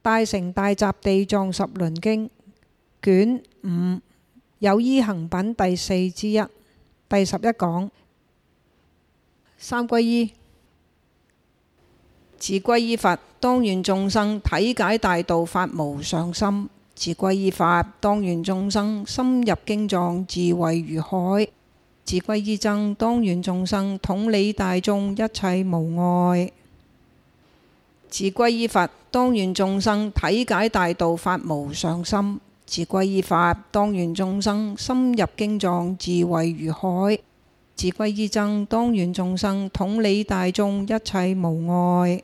大乘大集地藏十輪經卷五有依行品第四之一第十一講，三歸依自歸依佛，當願眾生體解大道，發無上心；自歸依法，當願眾生深入經藏，智慧如海；自歸依僧，當願眾生統理大眾，一切無礙。自歸依佛，當願眾生體解大道，發無上心；自歸依法，當願眾生深入經藏，智慧如海；自歸依僧，當願眾生統理大眾，一切無礙；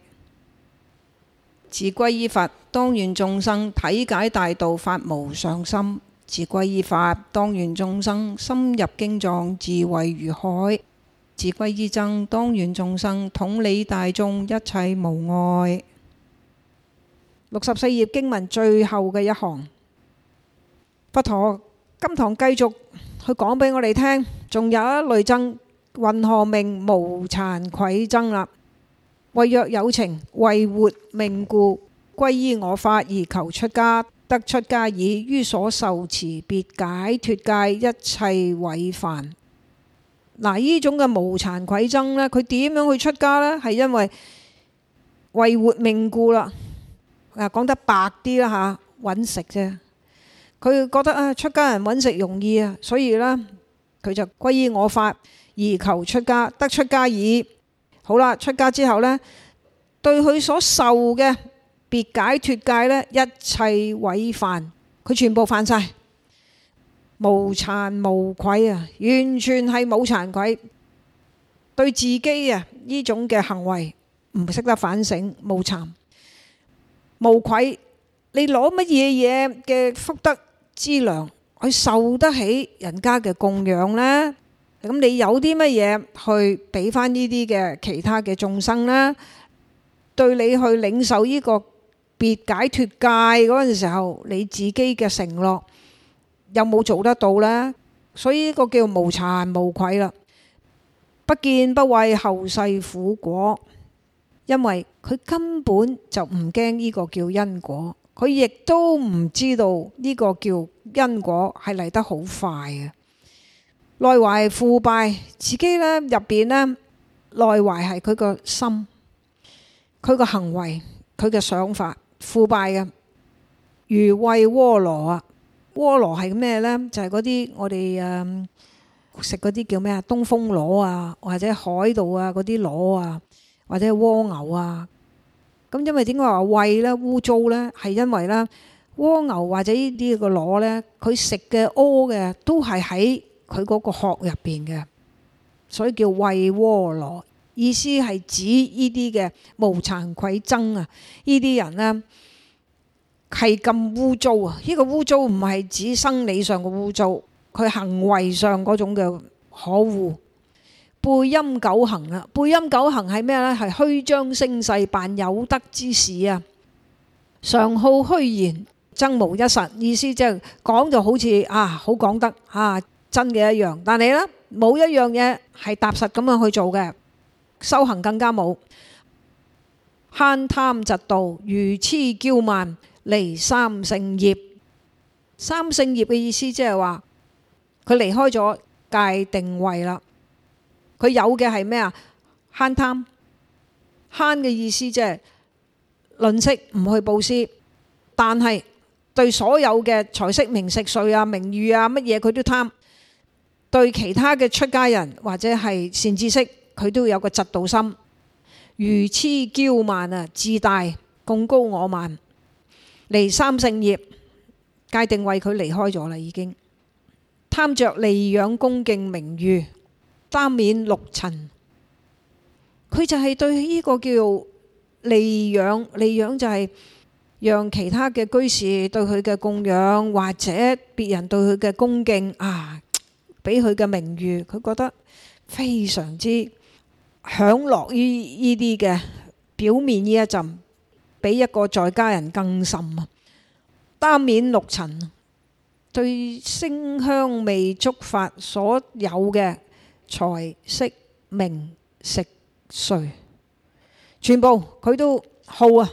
自歸依佛，當願眾生體解大道，發無上心；自歸依法，當願眾生深入經藏，智慧如海。自歸依僧，當願眾生，統理大眾，一切無礙。六十四頁經文最後嘅一行，佛陀今堂繼續去講俾我哋聽，仲有一類僧，「云何名無慚愧僧啦？謂若有情為活命故，歸依我法而求出家，得出家已，於所受持，別解脫戒一切毀犯。嗱，呢種嘅無慚愧僧呢，佢點樣去出家呢？係因為為活命故啦。啊，講得白啲啦嚇，揾食啫。佢覺得啊，出家人揾食容易啊，所以呢，佢就皈依我法而求出家，得出家已。好啦，出家之後呢，對佢所受嘅別解脫戒呢，一切毀犯，佢全部犯晒。無慚無愧，完全係冇慚愧對自己，呢種嘅行為唔識得反省，無慚無愧，你攞乜嘢嘢嘅福德資糧去受得起人家嘅供養呢？噉你有啲乜嘢去畀返呢啲嘅其他嘅眾生呢？對你去領受呢個別解脫戒嗰陣時候，你自己嘅承諾有冇做得到呢？所以呢個叫無慚無愧啦，不見不畏後世苦果。因為佢根本就唔驚呢個叫因果，佢亦都唔知道呢個叫因果係嚟得好快嘅。內懷腐敗，自己呢入邊呢，內懷係佢個心，佢個行為，佢嘅想法腐敗嘅，如穢蝸螺啊！蝸螺係咩呢？就係嗰啲我哋誒食嗰啲叫咩啊？東風螺啊，或者海度啊嗰啲螺啊，或者蝸牛啊。咁因為點解話穢呢？污糟呢？係因為咧蝸牛或者呢啲個螺呢，佢食嘅屙嘅都係喺佢嗰個殼入邊嘅，所以叫穢蝸螺。意思係指呢啲嘅無慚愧僧啊，呢啲人咧。係咁污糟啊！呢個污糟唔係指生理上嘅污糟，佢行為上嗰種嘅可惡，貝音狗行啦。貝音狗行係咩咧？係虛張聲勢，扮有德之士啊！常好虛言，曾無一實。意思即係講就好似啊好講得啊真嘅一樣，但係咧冇一樣嘢係踏實咁樣去做嘅，修行更加冇慳貪嫉妒，愚癡憍慢。離三勝業，三勝業嘅意思即係話佢離開咗界定位啦。佢有嘅係咩啊？慳貪，慳嘅意思即係吝嗇，唔去布施，但係對所有嘅財色名食睡啊、名譽啊乜嘢，佢都貪。對其他嘅出家人或者係善知識，佢都有個嫉妒心，愚癡憍慢啊，自大，貢高我慢。離三勝業，戒定慧佢離開咗啦，已經貪着利養恭敬名譽，耽湎六塵。佢就係對呢個叫利養，利養就係讓其他嘅居士對佢嘅供養，或者別人對佢嘅恭敬啊，俾佢嘅名譽，佢覺得非常之享樂於呢啲嘅表面呢一陣，比一個在家人更深啊！耽湎六塵，對聲香味觸法所有嘅財色名食睡，全部佢都好啊！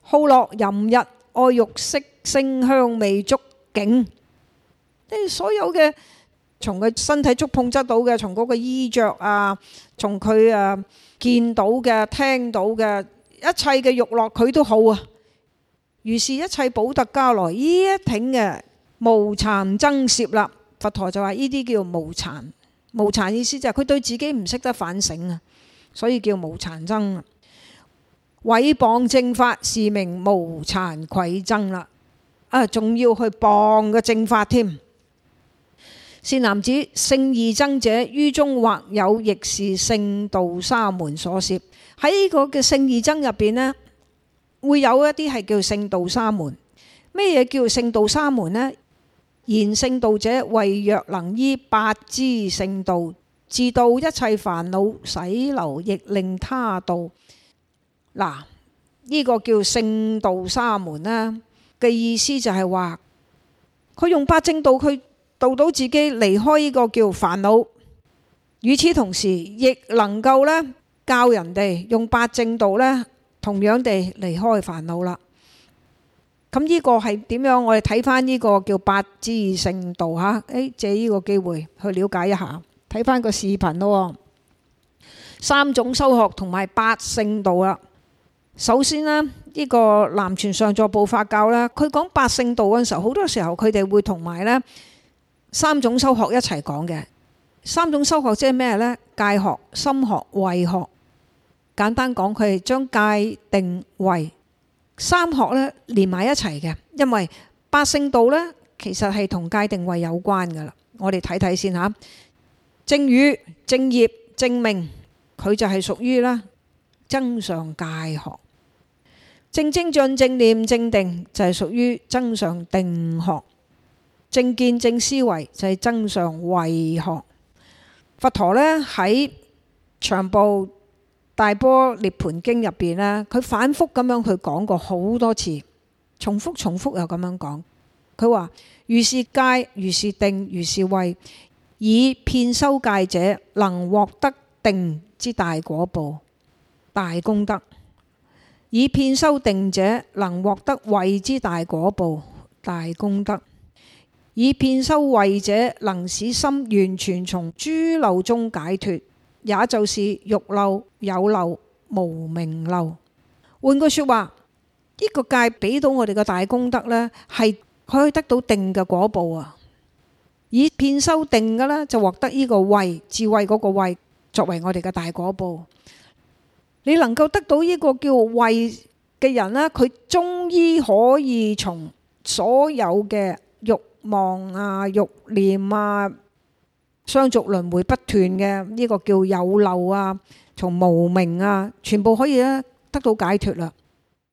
好樂婬佚，愛欲色聲香味觸境，即係所有嘅從佢身體觸碰得到嘅，從嗰個衣着啊，從佢啊見到嘅、聽到嘅。一切嘅欲落，佢都好啊。如是，一切補特伽羅，咦一挺嘅無慚僧攝啦。佛陀就話：呢啲叫無慚，無慚意思就係佢對自己唔識得反省啊，所以叫無慚僧啊。毀謗正法是名無慚愧僧啦。啊，仲要去謗嘅正法添。善男子，勝義僧者於中或有，亦是勝道沙門所攝。喺呢個嘅勝義僧入邊呢，會有一啲係叫做勝道沙門。咩嘢叫做勝道沙門呢？言勝道者，謂若能依八支聖道，自度一切煩惱駛流，亦令他度。嗱，呢個叫勝道沙門啦，嘅意思就係話，佢用八正道，去度到自己離開呢個叫煩惱。與此同時，亦能夠呢，教人哋用八正道咧，同樣地離開煩惱啦。咁呢個係點樣？我哋睇翻呢個叫八支聖道嚇。誒，借呢個機會去了解一下，睇翻個視頻咯。三種修學同埋八聖道啦。首先啦，呢個南傳上座部佛教咧，佢講八聖道嗰陣時候，好多時候佢哋會同埋呢三種修學一齊講嘅。三種修學即係咩咧？戒學、心學、慧學。簡單講，佢係將戒定慧三學咧連埋一齊嘅，因為八聖道咧其實係同戒定慧有關噶啦。我哋睇睇先吓，正語、正業、正命，佢就係屬於啦增上戒學；正精進、正念、正定就係屬於增上定學；正見、正思維就係增上慧學。佛陀咧喺長部。大般涅槃經入邊呢，佢反覆咁樣去講過好多次，重複重複又咁樣講。佢話：如是戒，如是定，如是慧，以遍修戒者能獲得定之大果報、大功德；以遍修定者能獲得慧之大果報、大功德；以遍修慧者能使心完全從諸漏中解脫。也就是欲漏、有漏、無明漏。換句説話，呢個戒俾到我哋嘅大功德咧，係佢可以得到定嘅果報啊！以片修定嘅咧，就獲得呢個慧智慧嗰個慧作為我哋嘅大果報。你能夠得到呢個叫慧嘅人咧，佢終於可以從所有嘅慾望啊、慾念啊～相續輪迴不斷嘅呢個叫有漏啊，從無明啊，全部可以咧得到解脱啦。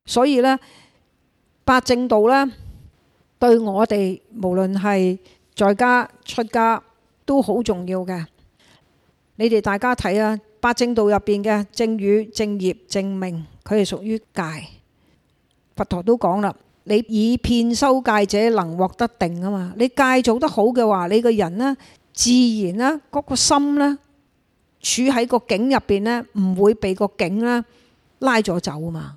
所以咧，八正道咧對我哋無論係在家出家都好重要嘅。你哋大家睇啊，八正道入邊嘅正語、正業、正命，佢係屬於戒。佛陀都講啦，你以片修戒者能獲得定啊嘛。你戒做得好嘅話，你個人咧。自然咧，嗰個心呢，處喺個境入邊呢，唔會被個境呢拉咗走啊嘛！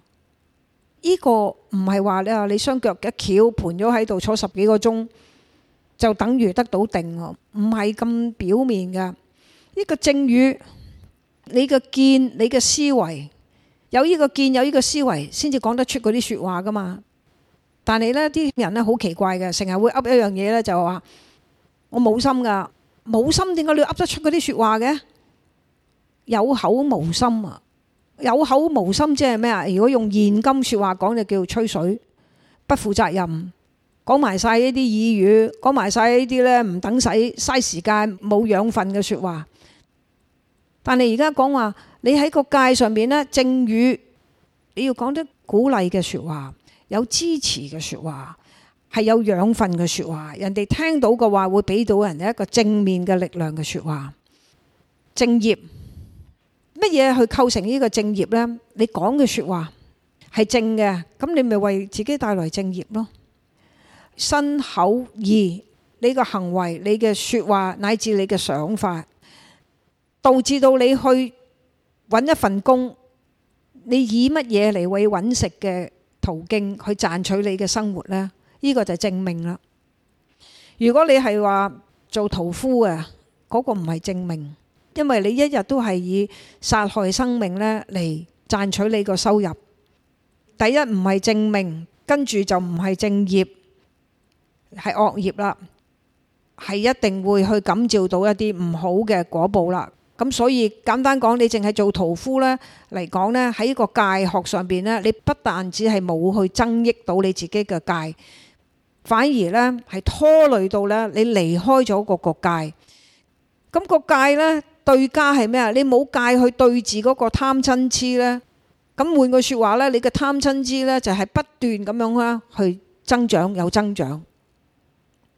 呢個唔係話咧，你雙腳一翹盤咗喺度坐十幾個鐘，就等於得到定喎。唔係咁表面噶。呢個正語，你嘅見，你嘅思維，有呢個見，有呢個思維，先至講得出嗰啲説話噶嘛。但係呢啲人呢，好奇怪嘅，成日會噏一樣嘢呢，就係話我冇心噶。冇心點解你噏得出嗰啲說話嘅？有口無心啊！有口無心即係咩啊？如果用現今說話講就叫吹水，不負責任，講埋晒呢啲耳語，講埋晒呢啲呢，唔等使，嘥時間冇養分嘅說話。但係而家講話，你喺個界上面呢，正語你要講啲鼓勵嘅説話，有支持嘅説話。係有養分嘅說話，人哋聽到嘅話會俾到人哋一個正面嘅力量嘅說話。正業，乜嘢去構成呢個正業呢？你講嘅說話係正嘅，咁你咪為自己帶來正業咯。身口意，你嘅行為、你嘅說話乃至你嘅想法，導致到你去揾一份工，你以乜嘢嚟為揾食嘅途徑去賺取你嘅生活呢？呢個就係正命啦。如果你係話做屠夫啊，嗰個唔係正命，因為你一日都係以殺害生命咧嚟賺取你個收入。第一唔係正命，跟住就唔係正業，係惡業啦，係一定會去感召到一啲唔好嘅果報啦。咁所以簡單講，你淨係做屠夫咧嚟講咧，喺呢個戒學上邊咧，你不但只係冇去增益到你自己嘅戒。反而咧，係拖累到咧，你離開咗個個界，咁個界咧對家係咩啊？你冇界去對治嗰個貪嗔癡咧，咁換句說話咧，你嘅貪嗔癡咧就係不斷咁樣啦去增長，有增長，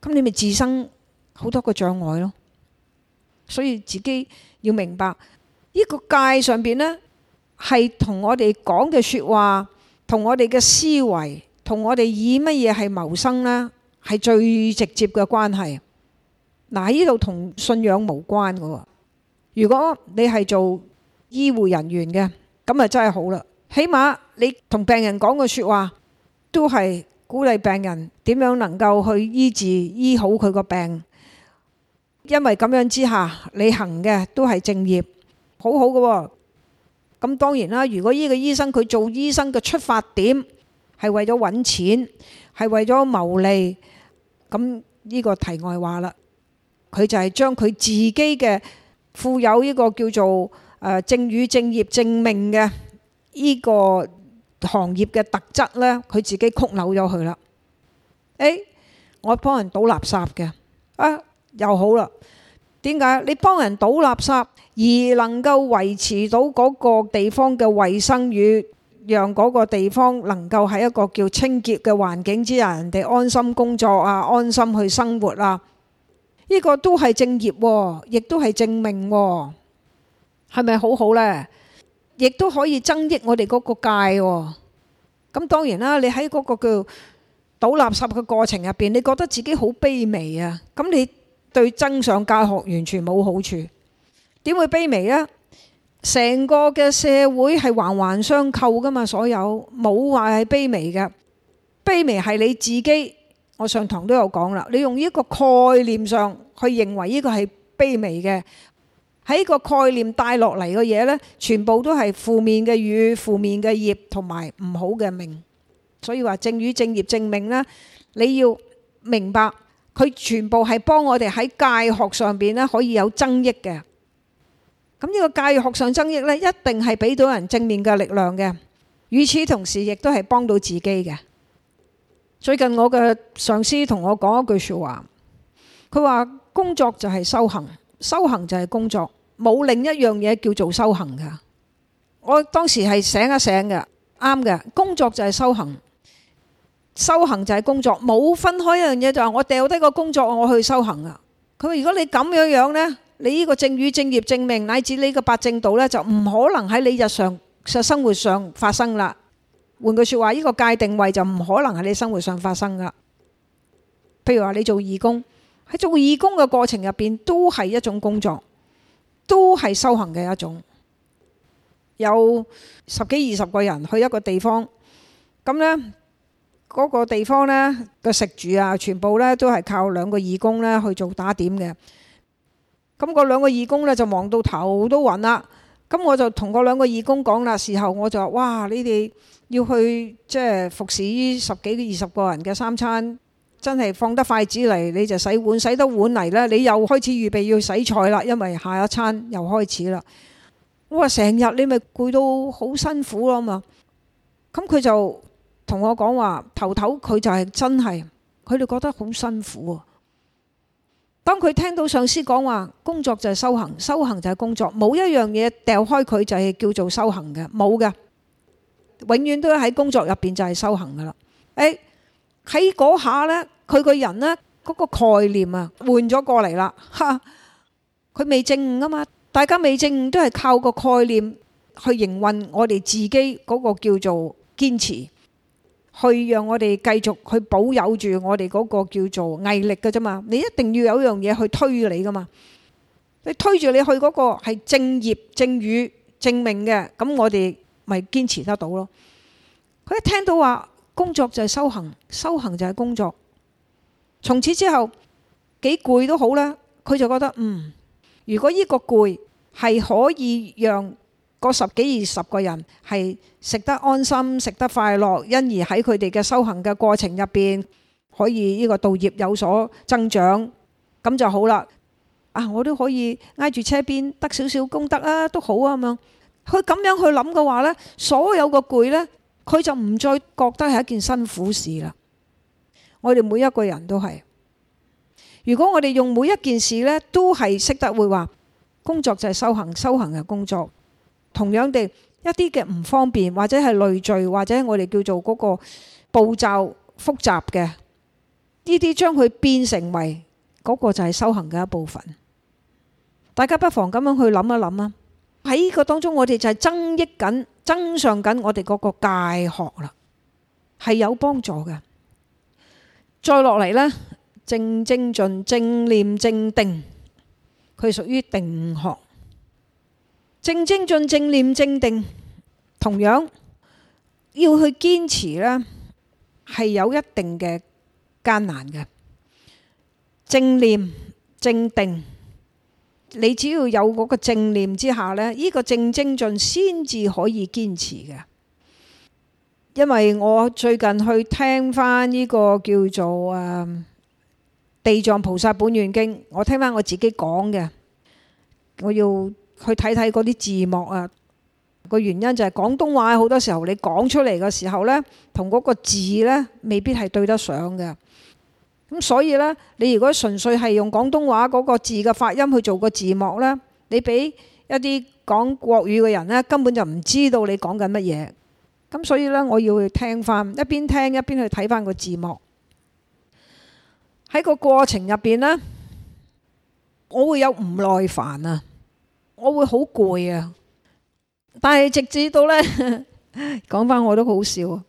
咁你咪自生好多個障礙咯。所以自己要明白呢個界上邊咧，係同我哋講嘅說話，同我哋嘅思維。同我哋以乜嘢係謀生咧，係最直接嘅關係。嗱，喺呢度同信仰冇關噶。如果你係做醫護人員嘅，咁啊真係好啦，起碼你同病人講嘅說話都係鼓勵病人點樣能夠去醫治醫好佢個病。因為咁樣之下，你行嘅都係正業，好好噶。咁當然啦，如果呢個醫生佢做醫生嘅出發點，係為咗揾錢，係為咗牟利，咁、這、呢個題外話啦。佢就係將佢自己嘅富有呢個叫做誒正語正業正命嘅呢個行業嘅特質呢，佢自己曲扭咗佢啦。我幫人倒垃圾嘅啊，又好啦。點解你幫人倒垃圾而能夠維持到嗰個地方嘅衞生與？讓嗰個地方能夠喺一個叫清潔嘅環境之下，人哋安心工作啊，安心去生活啊，呢個都係正業，亦都係正命，係咪好好呢？亦都可以增益我哋嗰個界。咁當然啦，你喺嗰個叫倒垃圾嘅過程入邊，你覺得自己好卑微啊？咁你對增上教學完全冇好處，點會卑微啊？成個嘅社會係環環相扣噶嘛，所有冇話係卑微嘅，卑微係你自己。我上堂都有講啦，你用一個概念上去認為呢個係卑微嘅，喺呢個概念帶落嚟嘅嘢呢，全部都係負面嘅語、負面嘅業同埋唔好嘅命。所以話正語、正業、正命呢，你要明白，佢全部係幫我哋喺戒學上邊呢可以有增益嘅。咁呢個教育學上增益呢，一定係俾到人正面嘅力量嘅。與此同時，亦都係幫到自己嘅。最近我嘅上司同我講一句說話，佢話工作就係修行，修行就係工作，冇另一樣嘢叫做修行嘅。我當時係醒一醒嘅，啱嘅，工作就係修行，修行就係工作，冇分開一樣嘢就話我掉低個工作我去修行啊。佢話如果你咁樣樣呢？你呢個正語正業正命乃至你個八正道呢，就唔可能喺你日常嘅生活上發生啦。換句説話，呢個界定位就唔可能喺你生活上發生噶。譬如話你做義工，喺做義工嘅過程入邊，都係一種工作，都係修行嘅一種。有十幾二十個人去一個地方，咁呢嗰個地方呢，個食住啊，全部呢都係靠兩個義工呢去做打點嘅。咁嗰兩個義工咧就忙到頭都暈啦。咁我就同嗰兩個義工講啦，事後我就話：哇，你哋要去即係服侍十幾、二十個人嘅三餐，真係放得筷子嚟你就洗碗，洗得碗嚟咧，你又開始預備要洗菜啦，因為下一餐又開始啦。我話成日你咪攰到好辛苦吖嘛。咁佢就同我講話，頭頭佢就係真係，佢哋覺得好辛苦喎。當佢聽到上司講話，工作就係修行，修行就係工作，冇一樣嘢掉開佢就係叫做修行嘅。冇嘅，永遠都喺工作入邊就係修行噶啦。誒，喺嗰下咧，佢個人咧嗰個概念啊，換咗過嚟啦。吓，佢未證悟啊嘛，大家未證悟都係靠個概念去營運我哋自己嗰個叫做堅持。去讓我地，繼續，去保有住我地嗰個叫做嗰十幾二十個人係食得安心、食得快樂，因而喺佢哋嘅修行嘅過程入邊，可以呢個道業有所增長，咁就好啦。啊，我都可以挨住車邊得少少功德啊，都好啊咁樣。佢咁樣去諗嘅話咧，所有個攰咧，佢就唔再覺得係一件辛苦事啦。我哋每一個人都係，如果我哋用每一件事咧，都係識得會話，工作就係修行，修行係工作。同樣地，一啲嘅唔方便，或者係累贅，或者我哋叫做嗰個步驟複雜嘅，呢啲將佢變成為嗰個就係修行嘅一部分。大家不妨咁樣去諗一諗啊！喺呢個當中，我哋就係增益緊、增上緊我哋嗰個戒學啦，係有幫助嘅。再落嚟呢，正精進、正念、正定，佢屬於定學。正精進、正念、正定，同樣要去堅持咧，係有一定嘅艱難嘅。正念、正定，你只要有嗰個正念之下呢，呢個正精進先至可以堅持嘅。因為我最近去聽返呢個叫做《地藏菩薩本願經》，我聽返我自己講嘅，我要。去睇睇嗰啲字幕啊，個原因就係廣東話好多時候你講出嚟嘅時候呢，同嗰個字呢未必係對得上嘅。咁所以呢，你如果純粹係用廣東話嗰個字嘅發音去做個字幕呢，你俾一啲講國語嘅人呢，根本就唔知道你講緊乜嘢。咁所以呢，我要去聽翻，一邊聽一邊去睇翻個字幕。喺個過程入邊呢，我會有唔耐煩啊！我會好攰啊，但係直至到呢，講翻我都好笑啊，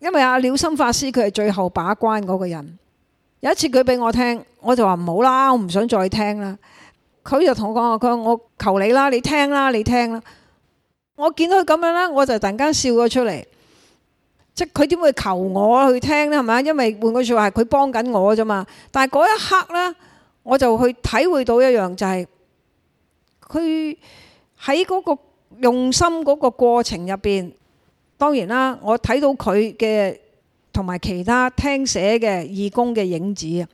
因為阿了心法師佢係最後把關嗰個人。有一次佢俾我聽，我就話唔好啦，我唔想再聽啦。佢就同我講佢我求你啦，你聽啦，你聽啦。我見到佢咁樣呢，我就突然間笑咗出嚟。即係佢點會求我去聽呢？係咪？因為換句說話，係佢幫緊我啫嘛。但係嗰一刻呢，我就去體會到一樣就係、是。佢喺嗰個用心嗰個過程入邊，當然啦，我睇到佢嘅同埋其他聽寫嘅義工嘅影子啊，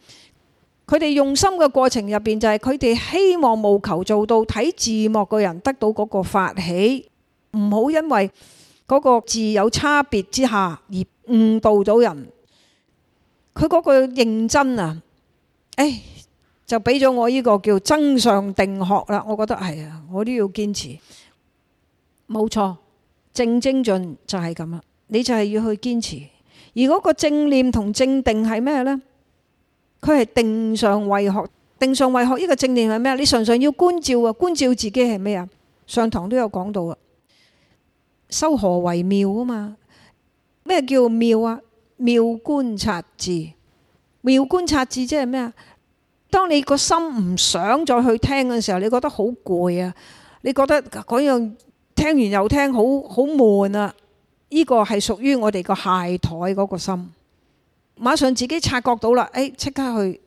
佢哋用心嘅過程入邊就係佢哋希望務求做到睇字幕嘅人得到嗰個發起，唔好因為嗰個字有差別之下而誤導到人。佢嗰個認真啊，哎就俾咗我呢個叫增上定學啦，我覺得係啊，我都要堅持，冇錯，正精進就係咁啦，你就係要去堅持。而嗰個正念同正定係咩呢？佢係定上為學，定上為學呢個正念係咩？你常常要觀照啊，觀照自己係咩啊？上堂都有講到啊，修何為妙啊嘛？咩叫妙啊？妙觀察智，妙觀察智即係咩啊？當你個心唔想再去聽嘅時候，你覺得好攰啊？你覺得嗰樣聽完又聽，好好悶啊？呢個係屬於我哋個懈怠嗰個心，馬上自己察覺到啦，誒、哎，即刻去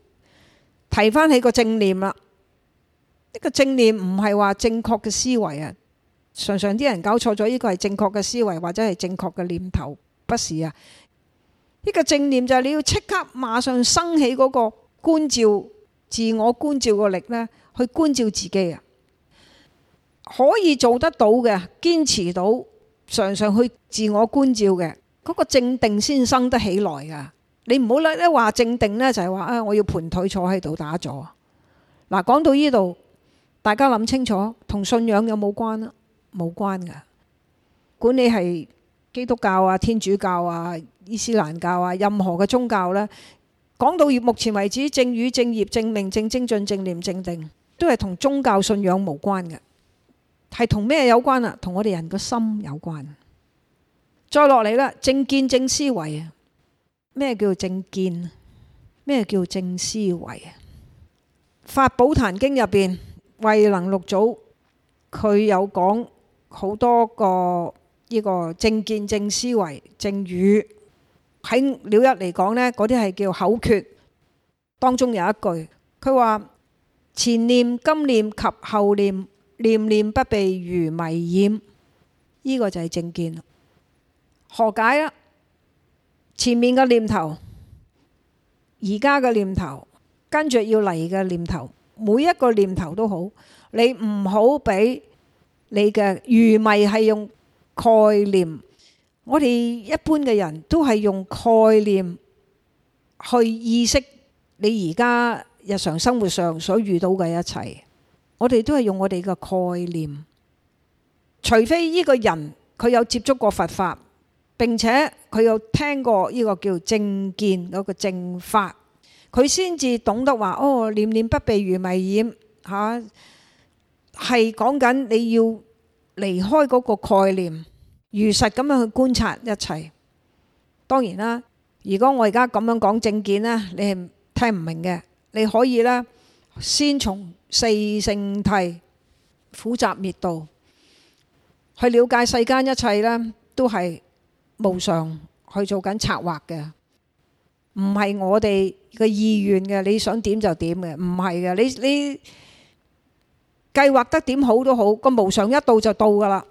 提返起個正念啦！呢個正念唔係話正確嘅思維啊，常常啲人搞錯咗，呢個係正確嘅思維或者係正確嘅念頭，不是啊？呢個正念就係你要即刻馬上生起嗰個觀照。自我觀照嘅力咧，去觀照自己啊，可以做得到嘅，堅持到常常去自我觀照嘅，嗰個正定先生得起來噶。你唔好咧一話正定咧，就係話啊，我要盤腿坐喺度打坐。嗱，講到呢度，大家諗清楚，同信仰有冇關？冇關噶，管你係基督教啊、天主教啊、伊斯蘭教啊，任何嘅宗教咧。講到目前為止，正語、正業、正命、正精進、正念、正，正定，都係同宗教信仰無關嘅，係同咩有關啊？同我哋人個心有關。再落嚟啦，正見、正思維啊？咩叫正見？咩叫正思維啊？《法寶壇經》入邊，慧能六祖佢有講好多個呢個正見、正思維、正語。喺了一嚟講咧，嗰啲係叫口訣，當中有一句，佢話前念、今念及後念，念念不被愚迷染，呢個就係正見。何解啊？前面嘅念頭，而家嘅念頭，跟住要嚟嘅念頭，每一個念頭都好，你唔好俾你嘅愚迷係用概念。我哋一般嘅人都係用概念去意識你而家日常生活上所遇到嘅一切，我哋都係用我哋嘅概念。除非依個人佢有接觸過佛法，並且佢有聽過呢個叫正見嗰個正法，佢先至懂得話：哦，念念不被愚迷染嚇，係講緊你要離開嗰個概念。如實咁樣去觀察一切，當然啦。如果我而家咁樣講正見呢，你係聽唔明嘅。你可以呢，先從四聖諦、苦集滅道去了解世間一切呢，都係無常去做緊策劃嘅，唔係我哋嘅意願嘅。你想點就點嘅，唔係嘅。你你計劃得點好都好，個無常一到就到噶啦，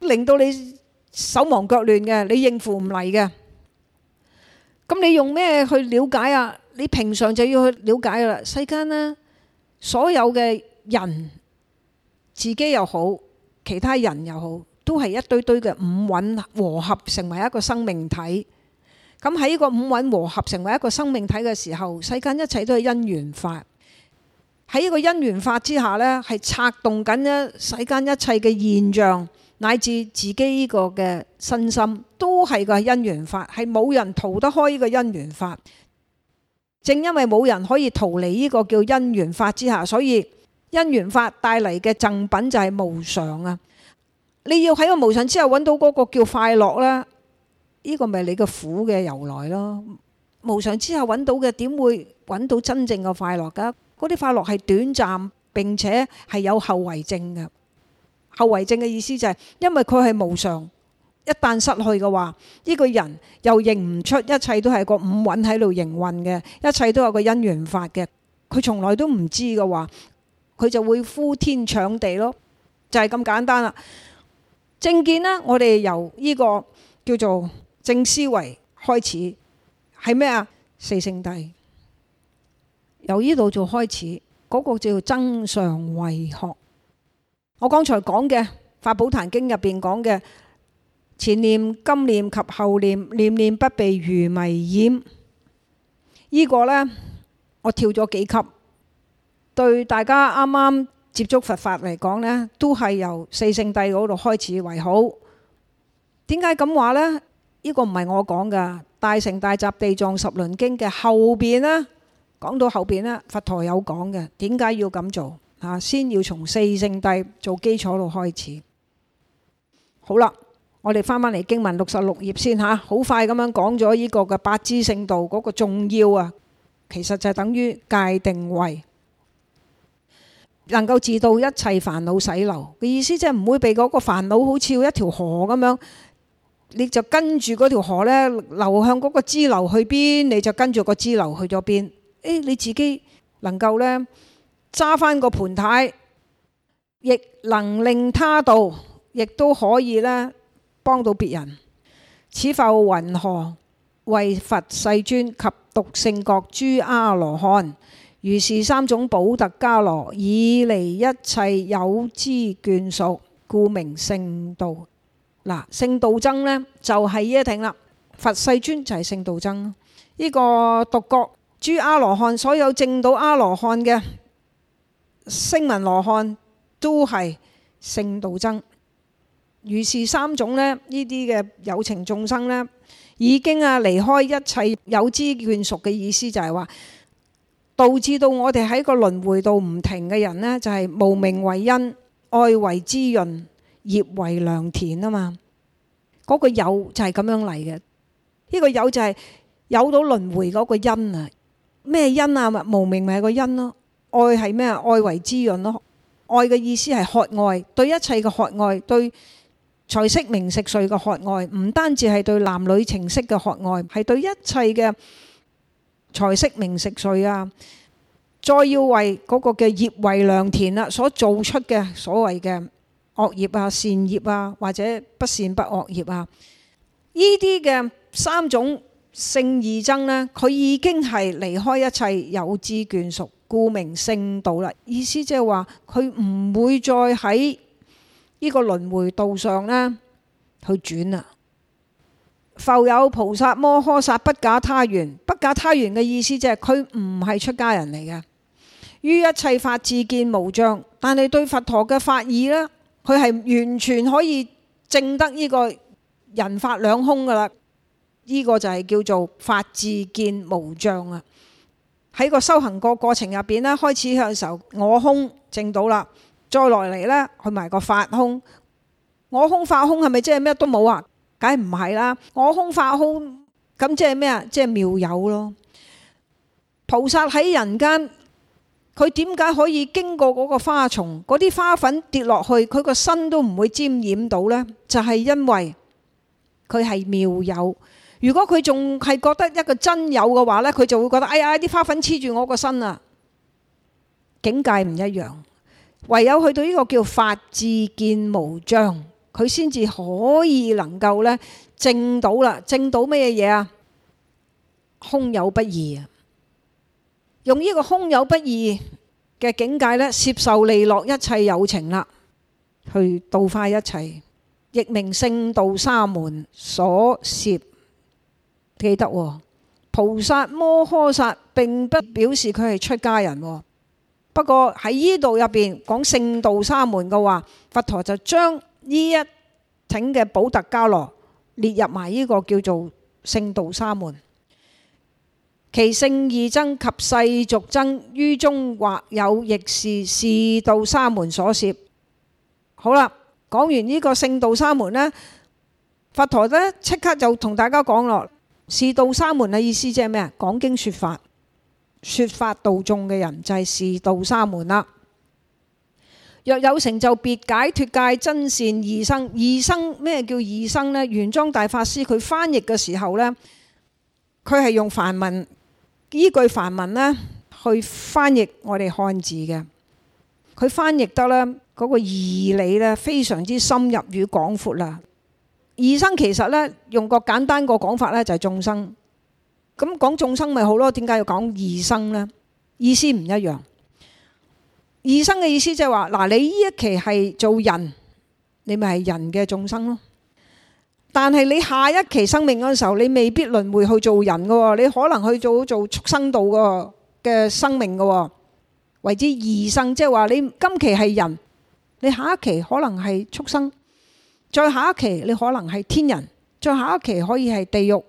令到你。手忙腳亂嘅，你應付唔嚟嘅。咁你用咩去了解啊？你平常就要去了解噶啦。世間呢，所有嘅人，自己又好，其他人又好，都係一堆堆嘅五蘊和合成為一個生命體。咁喺呢個五蘊和合成為一個生命體嘅時候，世間一切都係因緣法。喺呢個因緣法之下呢，係策動緊呢世間一切嘅現象。乃至自己呢個嘅身心都係個因緣法，係冇人逃得開呢個因緣法。正因為冇人可以逃離呢個叫因緣法之下，所以因緣法帶嚟嘅贈品就係無常啊！你要喺個無常之下揾到嗰個叫快樂啦，呢、呢個咪你嘅苦嘅由來咯。無常之下揾到嘅點會揾到真正嘅快樂噶？嗰啲快樂係短暫並且係有後遺症嘅。後遺症嘅意思就係，因為佢係無常，一旦失去嘅話，呢、這個人又認唔出，一切都係個五蘊喺度營運嘅，一切都有個因緣法嘅，佢從來都唔知嘅話，佢就會呼天搶地咯，就係、是、咁簡單啦。正見呢，我哋由呢個叫做正思維開始，係咩啊？四聖諦由呢度做開始，嗰、那個叫增上慧學。我剛才講嘅法寶壇經入邊講嘅前念今念及後念，念念不被愚迷染。啊！先要從四聖諦做基礎度開始。好啦，我哋翻返嚟，經文六十六頁先吓，好快咁樣講咗呢個嘅八支聖道嗰個重要啊，其實就等於界定為能夠自度一切煩惱駛流嘅意思，即係唔會被嗰個煩惱好似一條河咁樣，你就跟住嗰條河呢，流向嗰個支流去邊，你就跟住個支流去咗邊。誒，你自己能夠呢？揸翻個盤，太亦能令他度，亦都可以咧幫到別人。此復云何，謂佛世尊及獨勝覺諸阿羅漢，如是三種補特伽羅已離一切有支眷屬，故名勝道。嗱，勝道僧呢，就係耶挺啦。佛世尊就係勝道僧。呢、這個獨覺諸阿羅漢，所有證到阿羅漢嘅。聲聞羅漢都係勝道僧，如是三種咧，呢啲嘅有情眾生呢，已經啊離開一切有支眷屬嘅意思，就是，就係話導致到我哋喺個輪回度唔停嘅人呢，就係無明為因，愛為滋潤，業為良田啊嘛，嗰，那個有就係咁樣嚟嘅，呢，這個有就係有到輪回嗰個因啊，咩因啊？咪無明咪係個因咯。愛係咩啊？愛為滋潤咯。愛嘅意思係渴愛，對一切嘅渴愛，對財色名食睡嘅渴愛，唔單止係對男女情色嘅渴愛，係對一切嘅財色名食睡啊。再要為嗰個嘅業為良田啊，所做出嘅所謂嘅惡業啊、善業啊，或者不善不惡業啊，呢啲嘅三種性義爭呢，佢已經係離開一切有支眷屬。故名勝道啦，意思即係話佢唔會再喺呢個輪回道上呢去轉啦。復有菩薩摩訶薩不假他緣，不假他緣嘅意思即係佢唔係出家人嚟嘅。於一切法智見無障，但係對佛陀嘅法義呢，佢係完全可以證得呢個人法兩空噶啦。呢、呢個就係叫做法智見無障啊。喺個修行個過程入邊咧，開始嘅時候我空證到啦，再落嚟咧，去埋個法空。我空法空係咪即係咩都冇啊？梗係唔係啦？我空法空咁即係咩啊？即係妙有咯。菩薩喺人間，佢點解可以經過嗰個花叢，嗰啲花粉跌落去，佢個身都唔會沾染到呢？就係因為佢係妙有。如果佢仲係覺得一個真有嘅話呢佢就會覺得哎呀啲、哎、花粉黐住我個身啊！境界唔一樣，唯有去到呢個叫法智見無障」，佢先至可以能夠咧正到啦。正到咩嘢嘢啊？空有不二啊！用呢個空有不二嘅境界呢攝受利樂一切有情啦，去道化一切，亦名勝道沙門所攝。記得喎，菩薩摩訶薩並不表示佢係出家人。不過喺呢度入邊講勝道沙門嘅話，佛陀就將呢一整嘅補特伽羅列入埋呢個叫做勝道沙門。其勝義僧及世俗僧於中或有，亦是示道沙門所攝。好啦，講完呢個勝道沙門呢，佛陀呢即刻就同大家講落。示道沙門嘅意思即係咩啊？講經說法，說法度眾嘅人就係示道沙門啦。若有成就，別解脫戒，真善異生，異生，咩叫異生呢？玄奘大法師佢翻譯嘅時候呢，佢係用梵文，依據梵文呢去翻譯我哋漢字嘅。佢翻譯得呢，嗰、那個義理呢，非常之深入與廣闊啦。異生其實呢用個簡單個講法呢就係眾生。噉講眾生咪好咯，點解要講再下一期你可能係天人，再下一期可以係地獄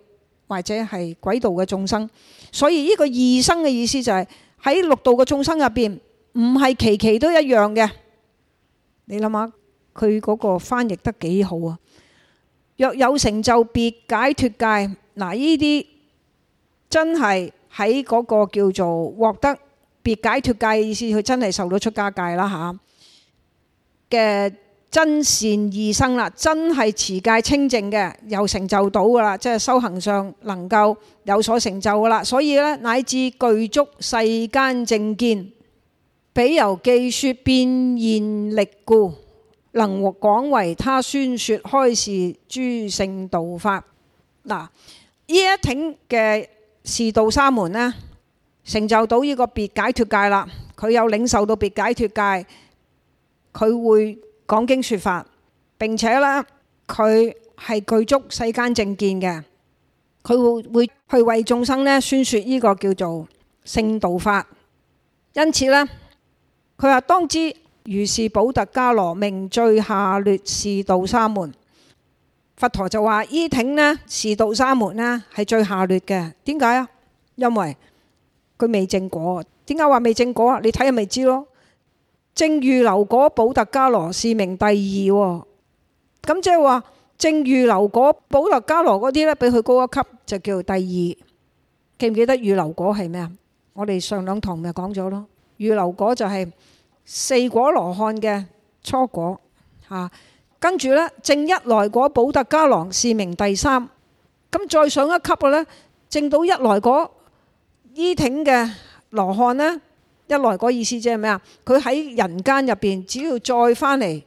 或者係鬼道嘅眾生，所以呢個異生嘅意思就係喺六道嘅眾生入邊，唔係期期都一樣嘅。你諗下佢嗰個翻譯得幾好啊？若有成就別解脫戒，嗱呢啲真係喺嗰個叫做獲得別解脫戒嘅意思，佢真係受到出家戒啦吓嘅。真善異生啦，真係持戒清淨嘅，又成就到噶啦，即係修行上能夠有所成就噶啦。所以咧，乃至具足世間正見，彼由記說變現力故，能廣為他宣說開示諸聖道法。嗱，呢一挺嘅示道沙門咧，成就到呢個別解脫戒啦。佢有領受到別解脫戒，佢會。講經說法，並且呢，佢係具足世間正見嘅，佢會會去為眾生咧宣說呢個叫做聖道法。因此呢，佢話當知如是補特伽羅，名最下劣示道沙門。佛陀就話依挺呢，道示道沙門呢，係最下劣嘅，點解啊？因為佢未證果，點解話未證果啊？你睇下咪知咯。證預流果補特伽羅是名第二喎，咁即係話證預流果補特伽羅嗰啲咧比佢高一級就叫第二，記唔記得預流果係咩啊？我哋上兩堂咪講咗咯，預流果就係四果羅漢嘅初果嚇，跟住咧證一來果補特伽羅是名第三，咁再上一級嘅咧證到一來果依挺嘅羅漢咧。一來果意思即係咩啊？佢喺人間入邊，只要再返嚟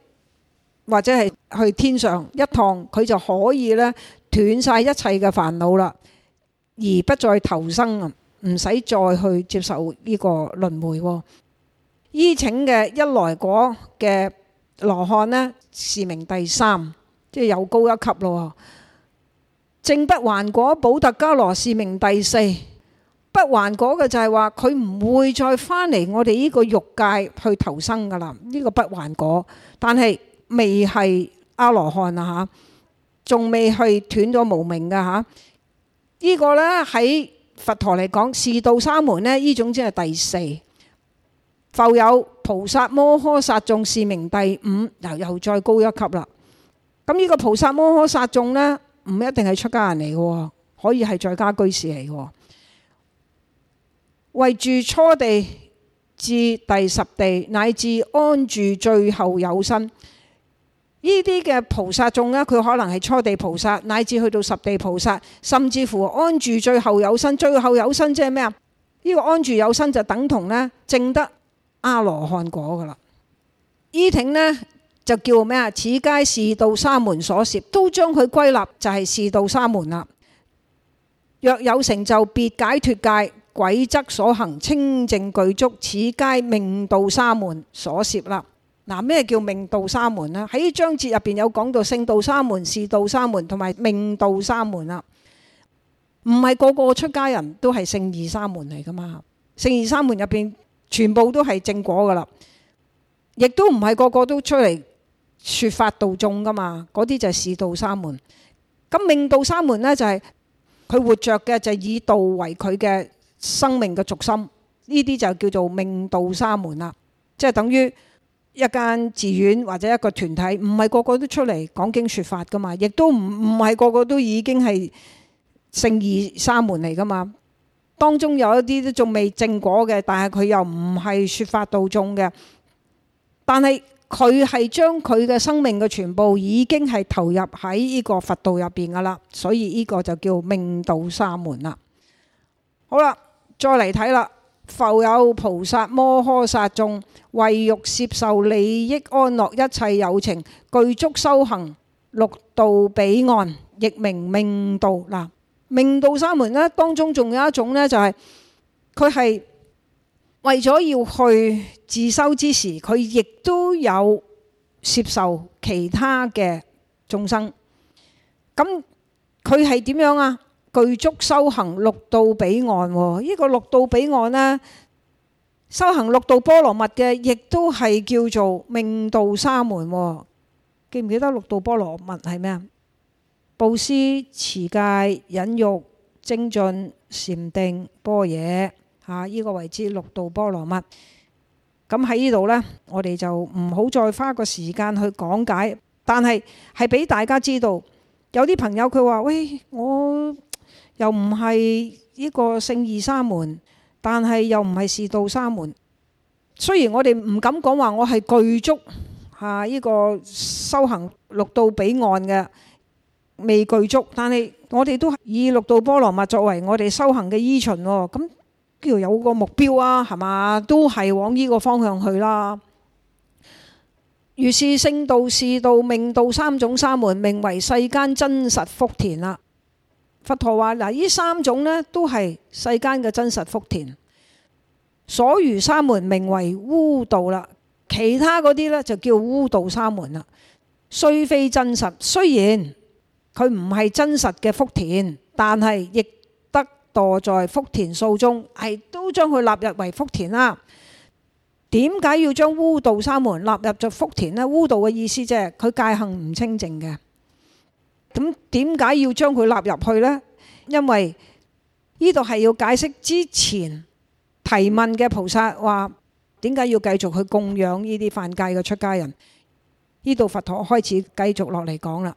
或者係去天上一趟，佢就可以咧斷晒一切嘅煩惱啦，而不再投生啊，唔使再去接受呢個輪迴。依請嘅一來果嘅羅漢呢，是名第三，即係又高一級咯。證不還果，補特伽羅是名第四。不還果嘅就係話佢唔會再返嚟我哋呢個欲界去投生噶啦。呢個不還果，但係未係阿羅漢啊，吓，仲未去斷咗無明嘅吓。呢個呢，喺佛陀嚟講，示道沙門呢，呢種先係第四。復有菩薩摩訶薩眾是名第五，又又再高一級啦。咁呢個菩薩摩訶薩眾呢，唔一定係出家人嚟嘅，可以係在家居士嚟嘅。為住初地至第十地，乃至安住最後有身，呢啲嘅菩薩眾呢，佢可能係初地菩薩，乃至去到十地菩薩，甚至乎安住最後有身。最後有身即係咩啊？呢、這個安住有身就等同呢證得阿羅漢果噶啦。依挺呢，就叫咩啊？此皆示道沙門所攝，都將佢歸納就係示道沙門啦。若有成就，別解脫戒。軌則所行清淨具足，此皆命道沙門所攝啦。嗱，咩叫命道沙門咧？喺呢章節入邊有講到勝道沙門、示道沙門同埋命道沙門啦。唔係個個出家人都係勝義沙門嚟噶嘛？勝義沙門入邊全部都係正果噶啦，亦都唔係個個都出嚟説法度眾噶嘛。嗰啲就係示道沙門。咁命道沙門呢，就係、係、佢活着嘅就係、以道為佢嘅。生命嘅軸心，呢啲就叫做命道沙門啦。即係等於一間寺院或者一個團體，唔係個個都出嚟講經說法噶嘛，亦都唔唔係個個都已經係聖意沙門嚟噶嘛。當中有一啲都仲未正果嘅，但係佢又唔係說法度眾嘅。但係佢係將佢嘅生命嘅全部已經係投入喺呢個佛道入邊噶啦，所以呢個就叫命道沙門啦。好啦。再嚟睇啦，復有菩薩摩訶薩眾，為欲攝受利益安樂一切有情，具足修行六到彼岸，亦名命道。嗱，命道三門咧，當中仲有一種呢、就是，就係佢係為咗要去自修之時，佢亦都有攝受其他嘅眾生。咁佢係點樣啊？具足修行六度彼岸喎，呢個六度彼岸咧，修行六度波羅蜜嘅，亦都係叫做命道沙門。記唔記得六度波羅蜜係咩啊？布施、持戒、忍辱、精進、禪定、般若。吓，呢個為之六度波羅蜜。咁喺呢度咧，我哋就唔好再花個時間去講解，但係係俾大家知道，有啲朋友佢話喂我。又唔係呢個勝義沙門，但係又唔係示道沙門。雖然我哋唔敢講話，我係具足嚇呢個修行六到彼岸嘅，未具足。但係我哋都係以六度波羅蜜作為我哋修行嘅依循，咁叫做有個目標啊，係嘛？都係往呢個方向去啦。如是勝道、示道、命道三種沙門，名為世間真實福田啦。佛陀話：嗱，呢三種呢都係世間嘅真實福田。所餘沙門名為污道啦，其他嗰啲呢就叫污道沙門啦。雖非真實，雖然佢唔係真實嘅福田，但係亦得墮在福田數中，係都將佢納入為福田啦。點解要將污道沙門納入咗福田呢？污道嘅意思即係佢戒行唔清淨嘅。咁點解要將佢納入去呢？因為呢度係要解釋之前提問嘅菩薩話點解要繼續去供養呢啲犯戒嘅出家人。呢度佛陀開始繼續落嚟講啦。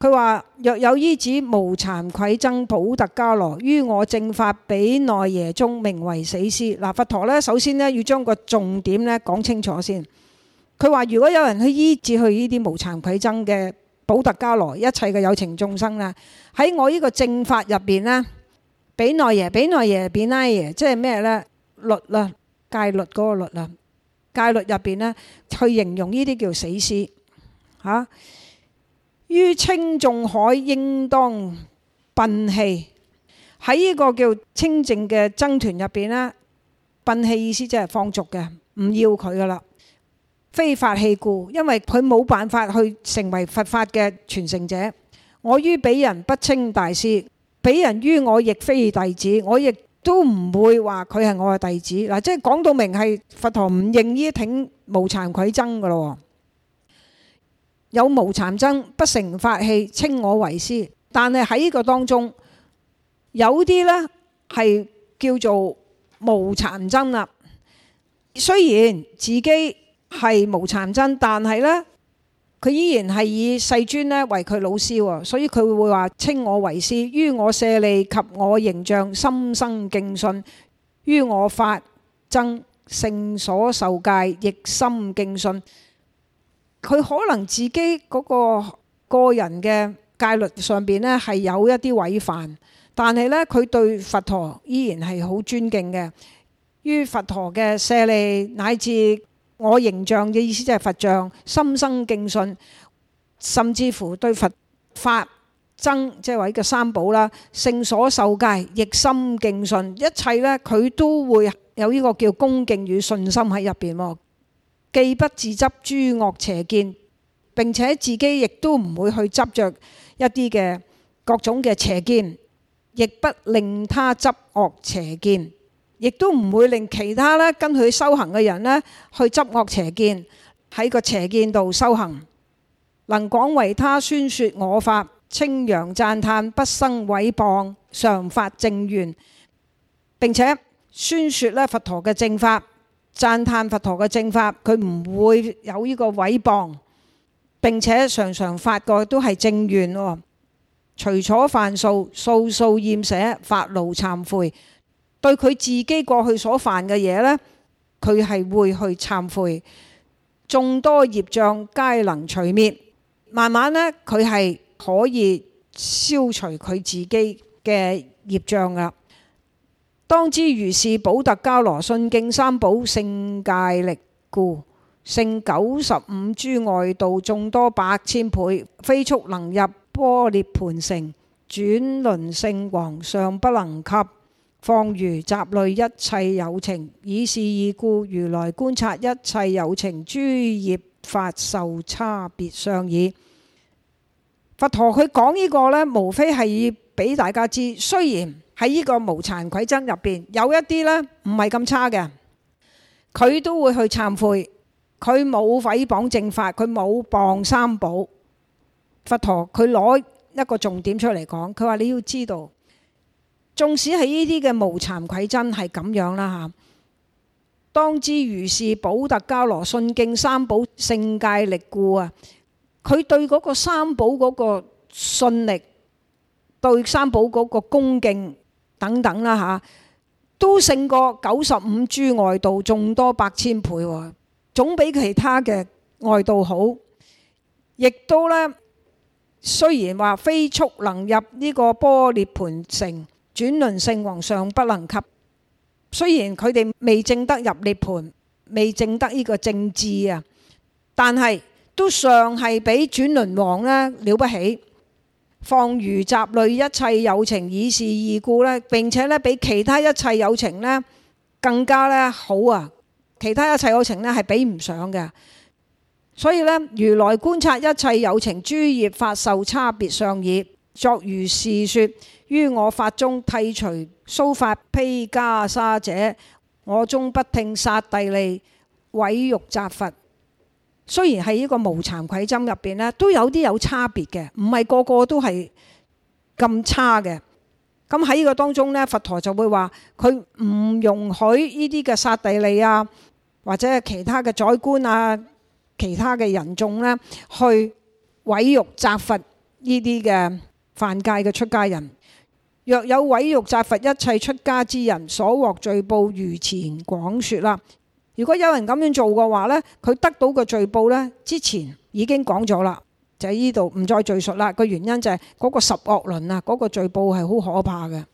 佢話：若有依止無慚愧僧補特伽羅，於我正法毗奈耶中，名為死屍。嗱，佛陀呢首先呢要將個重點呢講清楚先。佢話：如果有人去依止佢呢啲無慚愧僧嘅。補特伽羅，一切嘅有情眾生啦，喺我呢個正法入邊咧，毗奈耶、毗奈耶、比拉耶，即係咩咧？律啦，戒律嗰個律啦，戒律入邊咧，去形容呢啲叫死屍嚇。於清眾海，應當擯棄。喺呢個叫清淨嘅僧團入邊咧，擯棄意思即係放逐嘅，唔要佢噶啦。非法器故，因為佢冇辦法去成為佛法嘅傳承者。我於彼人不稱大師，彼人於我亦非弟子，我亦都唔會話佢係我嘅弟子嗱。即係講到明係佛陀唔認依挺無慚愧僧嘅咯。有無慚僧不成法器，稱我為師。但係喺呢個當中，有啲呢係叫做無慚僧啦。雖然自己係無慚僧，但係呢，佢依然係以世尊咧，為佢老師喎，所以佢會話稱我為師，於我舍利及我形像深生敬信，於我法僧聖所受戒亦深敬信。佢可能自己嗰個個人嘅戒律上邊呢，係有一啲違犯，但係呢，佢對佛陀依然係好尊敬嘅，於佛陀嘅舍利乃至。我形像嘅意思即係佛像，深生敬信，甚至乎對佛法僧即係話呢個三寶啦，聖所受戒亦深敬信，一切呢，佢都會有呢個叫恭敬與信心喺入邊，既不自執諸惡邪見，並且自己亦都唔會去執着一啲嘅各種嘅邪見，亦不令他執惡邪見。亦都唔會令其他咧跟佢修行嘅人咧去執惡邪見，喺個邪見度修行，能廣為他宣説我法，稱揚讚歎，不生毀謗，常發正願。並且宣説咧佛陀嘅正法，讚歎佛陀嘅正法，佢唔會有呢個毀謗。並且常常發個都係正願，隨所犯罪，數數厭捨，發露懺悔。對佢自己過去所犯嘅嘢，呢佢係會去懺悔，眾多業障皆能除滅。慢慢呢，佢係可以消除佢自己嘅業障噶。當知如是補特伽羅信敬三寶聖戒力故，勝九十五諸外道眾多百千倍，非速能入般涅槃城，轉輪聖王尚不能及。放如雜類一切有情，以是已故如來觀察一切有情諸業法受差別相耳。佛陀佢講呢個呢，無非係俾大家知，雖然喺呢個無慚愧僧入邊有一啲呢唔係咁差嘅，佢都會去懺悔，佢冇誹謗正法，佢冇謗三寶。佛陀佢攞一個重點出嚟講，佢話你要知道。縱使係呢啲嘅無慚愧真係咁樣啦嚇，當知如是補特伽羅，信敬三寶聖戒力故啊，佢對嗰個三寶嗰個信力，對三寶嗰個恭敬等等啦嚇，都勝過九十五諸外道眾多百千倍，總比其他嘅外道好，亦都呢，雖然話非速能入呢個般涅槃城。轉輪聖王尚不能及，雖然佢哋未證得入涅盤，未證得呢個正智啊，但係都尚係比轉輪王呢了不起。況餘雜類一切有情，以是義故呢，並且呢比其他一切有情呢更加呢好啊！其他一切有情呢係比唔上嘅，所以呢，如來觀察一切有情諸業法受差別相已。作如是說，於我法中剃除鬚髮披袈裟者，我終不聽剎帝利、毀辱讁罰。雖然喺呢、這個無慚愧僧入邊咧，都有啲有差別嘅，唔係個個都係咁差嘅。咁喺呢個當中呢，佛陀就會話佢唔容許呢啲嘅剎帝利啊，或者其他嘅宰官啊，其他嘅人眾呢，去毀辱責罰呢啲嘅。犯戒嘅出家人，若有毀辱讁罰一切出家之人，所獲罪報如前廣說啦。如果有人咁樣做嘅話呢，佢得到嘅罪報呢，之前已經講咗啦，就喺呢度唔再敘述啦。個原因就係嗰個十惡輪啊，嗰、那個罪報係好可怕嘅。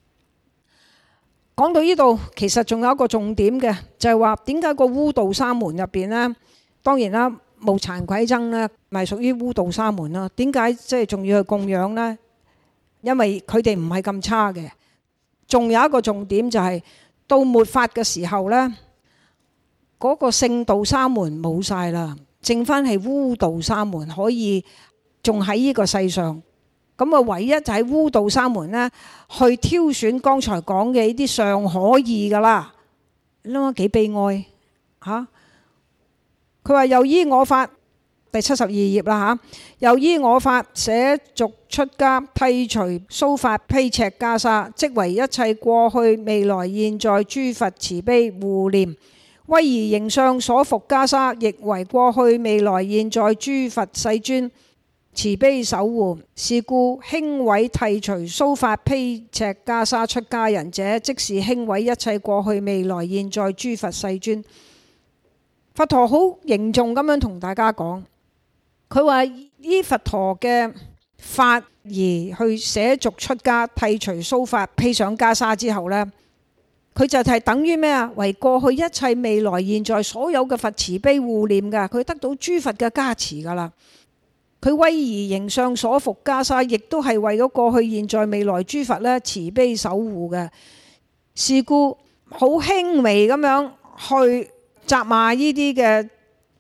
講到呢度，其實仲有一個重點嘅，就係話點解個污道沙門入邊呢？當然啦，冇慚愧僧呢咪、就是、屬於污道沙門啦。點解即係仲要去供養呢？因為佢哋唔係咁差嘅，仲有一個重點就係到末法嘅時候咧，嗰個聖道沙門冇晒啦，剩翻係污道沙門可以仲喺呢個世上，咁啊唯一就喺污道沙門咧去挑選剛才講嘅呢啲尚可以噶啦，諗下幾悲哀吓。佢話又依我法。第七十二頁喇吓，又依我法捨俗出家剃除鬚髮披赤袈裟，即為一切過去未來現在諸佛慈悲護念，威儀形相所服袈裟，亦為過去未來現在諸佛世尊慈悲守護。是故輕毀剃除鬚髮披赤袈裟出家人者，即是輕毀一切過去未來現在諸佛世尊。佛陀好凝重咁樣同大家講。佢話依佛陀嘅法而去捨俗出家，剃除鬚髮，披上袈裟之後呢，佢就係等於咩啊？為過去一切未來現在所有嘅佛慈悲護念噶，佢得到諸佛嘅加持噶啦。佢威儀形相所服袈裟，亦都係為咗過去現在未來諸佛咧，慈悲守護嘅。是故好輕微咁樣去責罵呢啲嘅。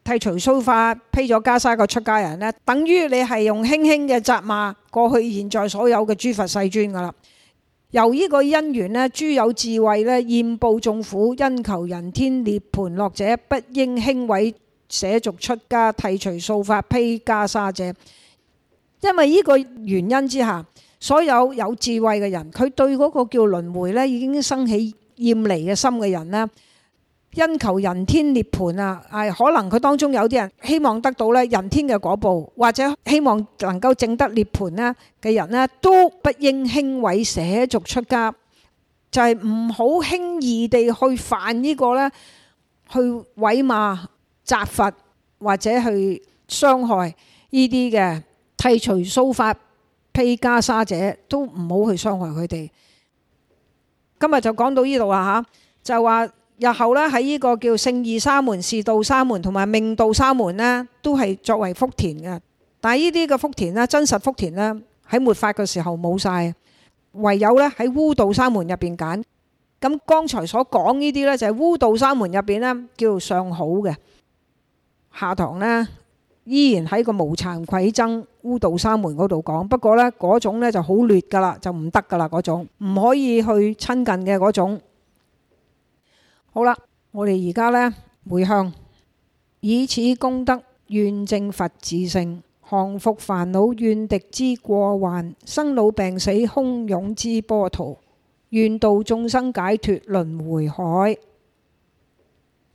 剃除鬚髮披咗袈裟嘅出家人呢，等於你係用輕輕嘅責罵過去現在所有嘅諸佛世尊噶啦。由呢個因緣呢，諸有智慧呢，厭怖眾苦，欣求人天涅槃樂者，不應輕毀捨俗出家剃除鬚髮披袈裟者。因為呢個原因之下，所有有智慧嘅人，佢對嗰個叫輪迴呢已經生起厭離嘅心嘅人呢。欣求人天涅槃啊，係可能佢當中有啲人希望得到咧人天嘅果報，或者希望能夠證得涅槃咧嘅人咧，都不應輕毀捨俗出家，就係唔好輕易地去犯呢個咧，去毀罵讁罰或者去傷害呢啲嘅剃除鬚髮披袈裟者，都唔好去傷害佢哋。今日就講到呢度啊嚇，就話。日後咧喺呢個叫勝義沙門、示道沙門同埋命道沙門咧，都係作為福田嘅。但係呢啲嘅福田咧，真實福田咧，喺末法嘅時候冇曬。唯有咧喺污道沙門入邊揀。咁剛才所講呢啲咧，就係污道沙門入邊咧，叫做上好嘅。下堂咧依然喺個無慚愧僧污道沙門嗰度講。不過咧嗰種咧就好劣㗎啦，就唔得㗎啦嗰種，唔可以去親近嘅嗰種。好啦，我哋而家呢回向，以此功德願證佛自性，降伏煩惱怨敵之過患，生老病死洶湧之波濤，願度眾生解脫輪回海。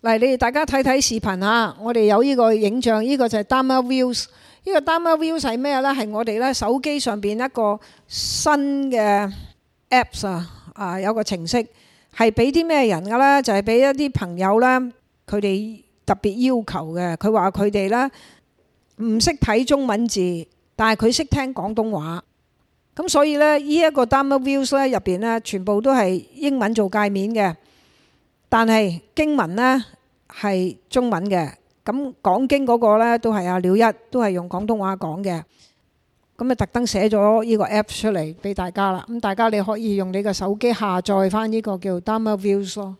嚟，你哋大家睇睇視頻啊，我哋有呢個影像，呢個就係 Drama Views，呢個 Drama Views 係咩呢？係我哋呢手機上邊一個新嘅 Apps 啊，啊有個程式。係俾啲咩人㗎啦？就係、是、俾一啲朋友啦，佢哋特別要求嘅。佢話佢哋咧唔識睇中文字，但係佢識聽廣東話。咁所以呢，呢、這、一個 download views 咧入邊呢，全部都係英文做界面嘅，但係經文呢係中文嘅。咁講經嗰個咧都係阿、啊、廖一，都係用廣東話講嘅。咁啊，特登寫咗呢個 app 出嚟俾大家啦。咁大家你可以用你個手機下載翻呢個叫 Dharma Views 咯。